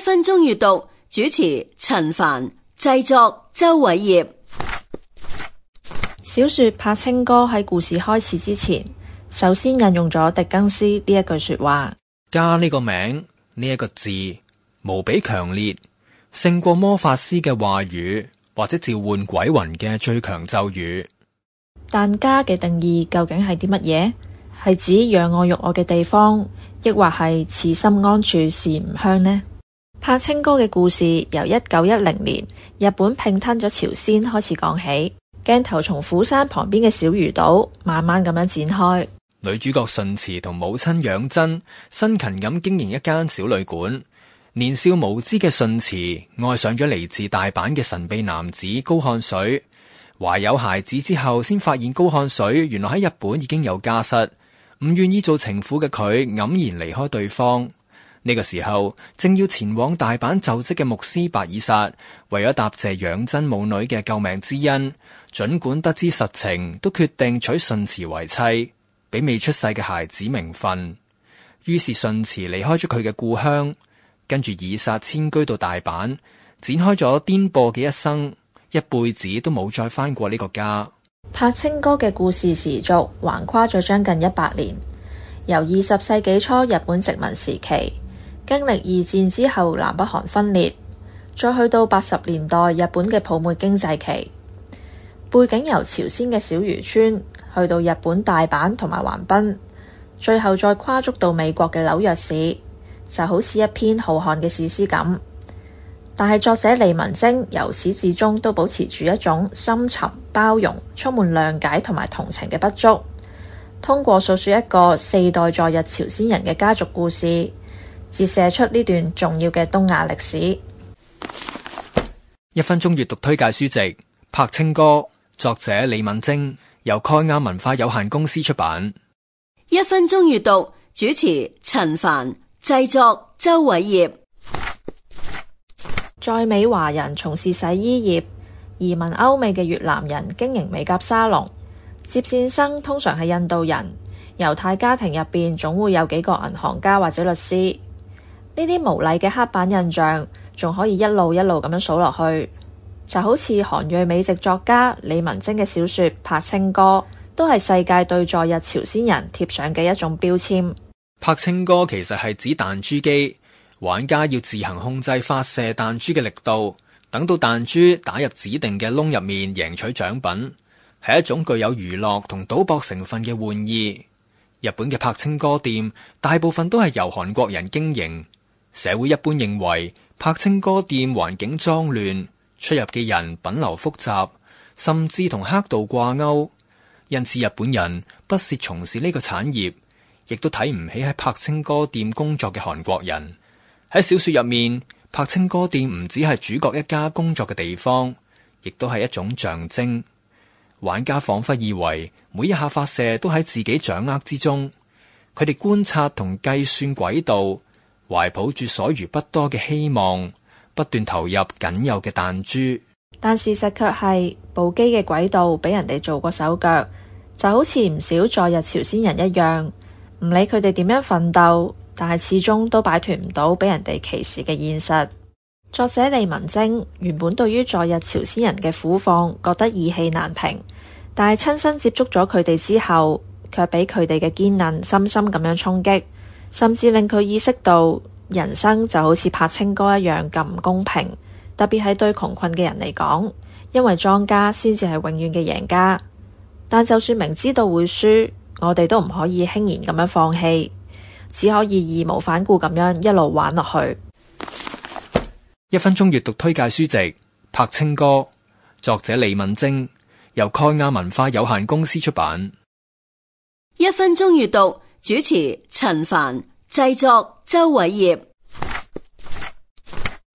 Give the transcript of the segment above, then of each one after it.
一分鐘閱讀，主持陳凡，製作周偉業。小說《柏青哥》喺故事開始之前，首先引用咗狄更斯呢一句說話：家呢個名呢一個字無比強烈，勝過魔法師嘅話語或者召喚鬼魂嘅最強咒語。但家嘅定義究竟係啲乜嘢？係指讓我欲我嘅地方，抑或係此心安處是吾鄉呢？拍青哥嘅故事由一九一零年日本拼吞咗朝鮮開始講起，鏡頭從釜山旁邊嘅小魚島慢慢咁樣展開。女主角順慈同母親養真辛勤咁經營一間小旅館。年少無知嘅順慈愛上咗嚟自大阪嘅神秘男子高漢水，懷有孩子之後，先發現高漢水原來喺日本已經有家室，唔願意做情婦嘅佢黯然離開對方。呢個時候正要前往大阪就職嘅牧師白以撒，為咗答謝養真母女嘅救命之恩，盡管得知實情，都決定娶順慈為妻，俾未出世嘅孩子名分。於是順慈離開咗佢嘅故鄉，跟住以撒遷居到大阪，展開咗顛簸嘅一生，一輩子都冇再返過呢個家。柏青哥嘅故事持續，橫跨咗將近一百年，由二十世紀初日本殖民時期。經歷二戰之後，南北韓分裂，再去到八十年代日本嘅泡沫經濟期，背景由朝鮮嘅小漁村去到日本大阪同埋橫濱，最後再跨足到美國嘅紐約市，就好似一篇浩瀚嘅史詩咁。但係作者李珉貞由始至終都保持住一種深沉、包容、充滿諒解同埋同情嘅筆觸，通過訴說一個四代在日朝鮮人嘅家族故事。自折射出呢段重要嘅東亞歷史。一分鐘閱讀推介書籍《柏青哥》，作者李敏貞，由蓋亞文化有限公司出版。一分鐘閱讀主持陳凡，製作周偉業。在美華人從事洗衣業，移民歐美嘅越南人經營美甲沙龍。接線生通常係印度人，猶太家庭入邊總會有幾個銀行家或者律師。呢啲無禮嘅黑板印象，仲可以一路一路咁樣數落去，就好似韓裔美籍作家李文貞嘅小說《柏青哥》，都係世界對在日朝鮮人貼上嘅一種標籤。柏青哥其實係指彈珠機，玩家要自行控制發射彈珠嘅力度，等到彈珠打入指定嘅窿入面，贏取獎品，係一種具有娛樂同賭博成分嘅玩意。日本嘅柏青哥店，大部分都係由韓國人經營。社會一般認為，柏青歌店環境髒亂，出入嘅人品流複雜，甚至同黑道掛鈎。因此，日本人不屑從事呢個產業，亦都睇唔起喺柏青歌店工作嘅韓國人。喺小說入面，柏青歌店唔只係主角一家工作嘅地方，亦都係一種象徵。玩家仿佛以為每一下發射都喺自己掌握之中，佢哋觀察同計算軌道。懷抱住所餘不多嘅希望，不斷投入僅有嘅彈珠。但事實卻係，部機嘅軌道俾人哋做過手腳，就好似唔少在日朝鮮人一樣，唔理佢哋點樣奮鬥，但係始終都擺脫唔到俾人哋歧視嘅現實。作者李文晶原本對於在日朝鮮人嘅苦況覺得意氣難平，但係親身接觸咗佢哋之後，卻俾佢哋嘅堅韌深深咁樣衝擊。甚至令佢意識到人生就好似柏青哥一樣咁唔公平，特別係對窮困嘅人嚟講，因為莊家先至係永遠嘅贏家。但就算明知道會輸，我哋都唔可以輕言咁樣放棄，只可以義無反顧咁樣一路玩落去。一分鐘閱讀推介書籍《柏青哥》，作者李珉貞，由蓋亞文化有限公司出版。一分鐘閱讀。主持陳凡，製作周偉業。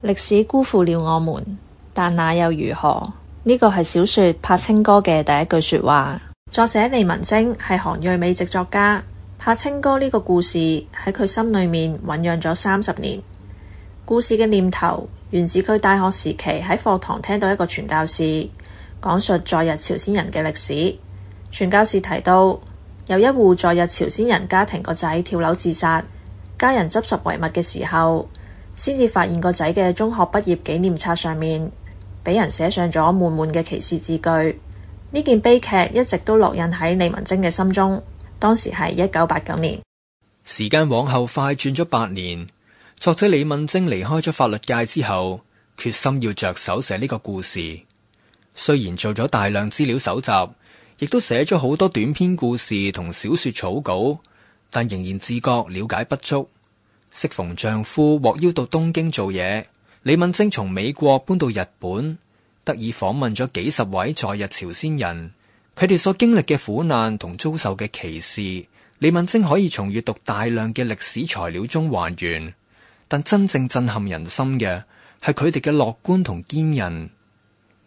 歷史辜負了我們，但那又如何？呢個係小說《柏青哥》嘅第一句說話。作者李文晶係韓裔美籍作家，《柏青哥》呢個故事喺佢心裏面醞釀咗三十年。故事嘅念頭源自佢大學時期喺課堂聽到一個傳教士講述在日朝鮮人嘅歷史。傳教士提到，有一戶在日朝鮮人家庭個仔跳樓自殺，家人執拾遺物嘅時候，先至發現個仔嘅中學畢業紀念冊上面，俾人寫上咗滿滿嘅歧視字句。呢件悲劇一直都烙印喺李敏貞嘅心中。當時係一九八九年。時間往後快轉咗八年，作者李敏貞離開咗法律界之後，決心要着手寫呢個故事。雖然做咗大量資料搜集。亦都寫咗好多短篇故事同小說草稿，但仍然自覺了解不足。適逢丈夫獲邀到東京做嘢，李敏貞從美國搬到日本，得以訪問咗幾十位在日朝鮮人，佢哋所經歷嘅苦難同遭受嘅歧視，李敏貞可以從閱讀大量嘅歷史材料中還原。但真正震撼人心嘅係佢哋嘅樂觀同堅韌。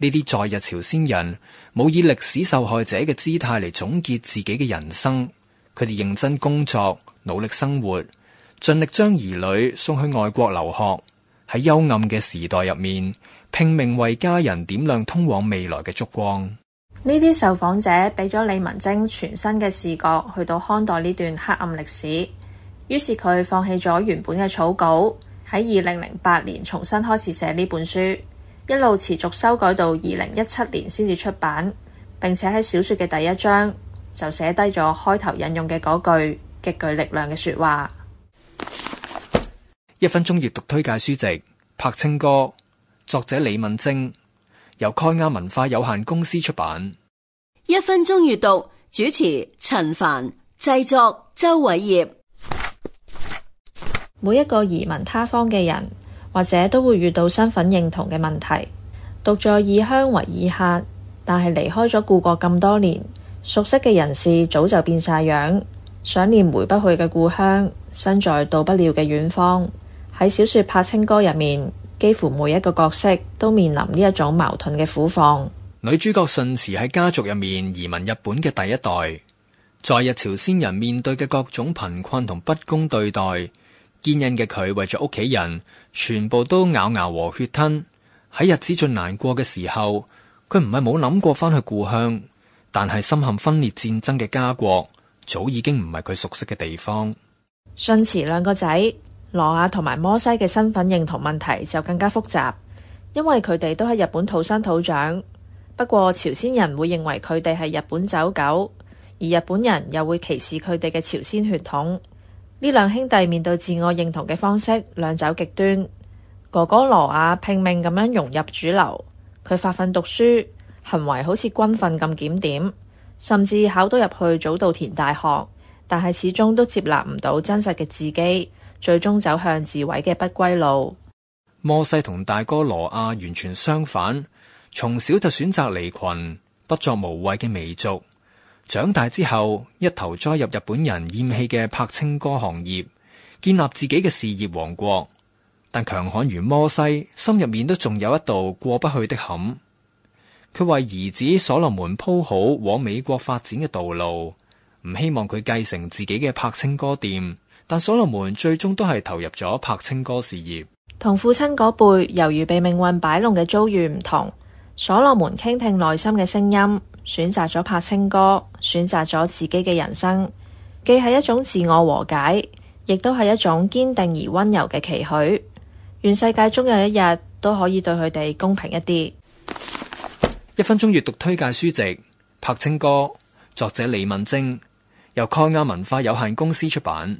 呢啲在日朝鮮人冇以歷史受害者嘅姿態嚟總結自己嘅人生，佢哋認真工作，努力生活，盡力將兒女送去外國留學。喺幽暗嘅時代入面，拼命為家人點亮通往未來嘅燭光。呢啲受訪者俾咗李文晶全新嘅視覺，去到看待呢段黑暗歷史，於是佢放棄咗原本嘅草稿，喺二零零八年重新開始寫呢本書。一路持續修改到二零一七年先至出版，並且喺小說嘅第一章就寫低咗開頭引用嘅嗰句極具力量嘅說話。一分鐘閱讀推介書籍《柏青歌》，作者李敏貞，由蓋亞文化有限公司出版。一分鐘閱讀主持陳凡，製作周偉業。每一個移民他方嘅人，或者都會遇到身份認同嘅問題。獨在異鄉為異客，但係離開咗故國咁多年，熟悉嘅人士早就變晒樣，想念回不去嘅故鄉，身在到不了嘅遠方。喺小說《柏青哥》入面，幾乎每一個角色都面臨呢一種矛盾嘅苦況。女主角順慈喺家族入面移民日本嘅第一代，在日朝鮮人面對嘅各種貧困同不公對待。堅韌嘅佢為咗屋企人，全部都咬牙和血吞，喺日子最難過嘅時候，佢唔係冇諗過翻去故鄉，但係深陷分裂戰爭嘅家國，早已經唔係佢熟悉嘅地方。信慈兩個仔羅亞同埋摩西嘅身份認同問題就更加複雜，因為佢哋都喺日本土生土長，不過朝鮮人會認為佢哋係日本走狗，而日本人又會歧視佢哋嘅朝鮮血統。呢兩兄弟面對自我認同嘅方式，兩走極端。哥哥羅亞拼命咁樣融入主流，佢發奮讀書，行為好似軍訓咁檢點，甚至考到入去早稻田大學，但係始終都接納唔到真實嘅自己，最終走向自毀嘅不歸路。摩西同大哥羅亞完全相反，從小就選擇離群，不作無謂嘅媚俗。長大之後，一頭栽入日本人厭棄嘅柏青哥行業，建立自己嘅事業王國。但強悍如摩西，心入面都仲有一道過不去的坎。佢為兒子所羅門鋪好往美國發展嘅道路，唔希望佢繼承自己嘅柏青哥店。但所羅門最終都係投入咗柏青哥事業。同父親嗰輩，由於被命運擺弄嘅遭遇唔同，所羅門傾聽內心嘅聲音。選擇咗柏青哥，選擇咗自己嘅人生，既係一種自我和解，亦都係一種堅定而溫柔嘅期許。願世界終有一日都可以對佢哋公平一啲。一分鐘閱讀推介書籍《柏青哥》，作者李敏貞，由蓋亞文化有限公司出版。